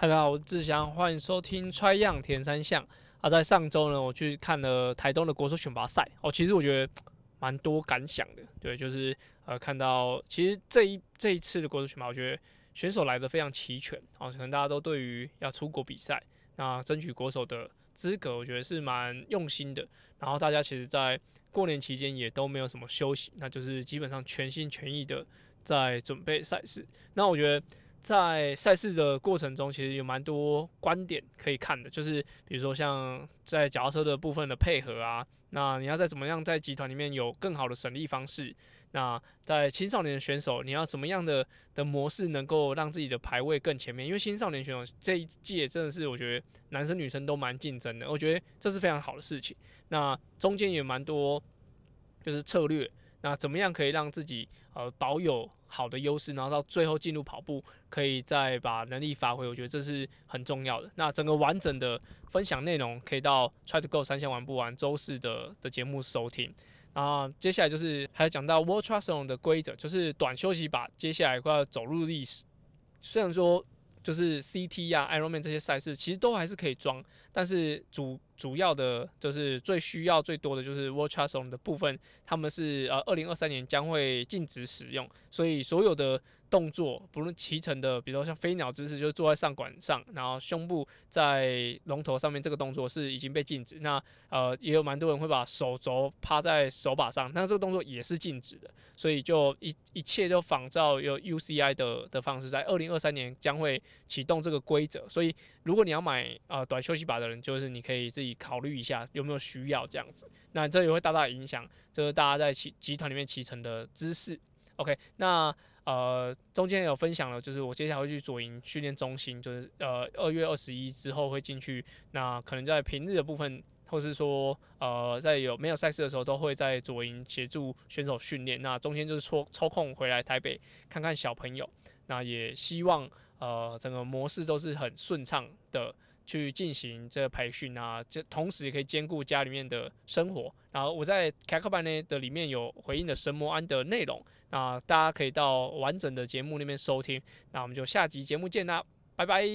大家好，我是志祥，歡迎收聽 Try 樣田三項。啊，在上週呢，我去看了台東的國手選拔賽。哦，其實我覺得蠻多感想的。對，就是呃，看到其實這一這一次的國手選拔，我覺得選手來得非常齊全。哦，可能大家都對於要出國比賽，那爭取國手的資格，我覺得是蠻用心的。然後大家其實，在過年期間也都沒有什麼休息，那就是基本上全心全意的在準備賽事。那我覺得。在賽事的過程中，其實有蠻多觀點可以看的，就是比如說像在腳踏車的部分的配合啊，那你要在怎麼樣在集團裡面有更好的省力方式，那在青少年的選手你要怎麼樣的的模式能夠讓自己的排位更前面？因為青少年選手這一屆真的是我覺得男生女生都蠻競爭的，我覺得這是非常好的事情。那中間也蠻多就是策略。那怎麼樣可以讓自己呃保有好的優勢，然後到最後進入跑步可以再把能力發揮？我覺得這是很重要的。那整個完整的分享內容可以到 Tri To Go 三項玩不完週四的的節目收聽。然後接下來就是還有講到 World Triathlon 的規則，就是短休息把，接下來快要走入歷史。雖然說就是 C T 呀、啊、Ironman 這些賽事其實都還是可以裝，但是主主要的就是最需要最多的就是 watch on 的部分，他們是呃二零二三年將會禁止使用，所以所有的動作，不論騎乘的，比如像飛鳥姿勢，就是坐在上管上，然後胸部在龍頭上面這個動作是已經被禁止。那呃也有蠻多人會把手肘趴在手把上，那這個動作也是禁止的，所以就一一切都仿照有 UCI 的的方式，在二零二三年將會啟動這個規則。所以如果你要買呃短休息把的人，就是你可以自己。考慮一下有沒有需要這樣子，那這也會大大影響，就是大家在騎集團裡面騎乘的姿勢。OK，那呃中間有分享了，就是我接下來會去左營訓練中心，就是呃二月二十一之後會進去。那可能在平日的部分，或是說呃在有沒有賽事的時候，都會在左營協助選手訓練。那中間就是抽抽空回來台北看看小朋友。那也希望呃整個模式都是很順暢的。去進行這個培訓啊，這同時也可以兼顧家裡面的生活。然後我在開課班內的裡面有回應的神魔安的內容，啊，大家可以到完整的節目那邊收聽。那我們就下集節目見啦，拜拜。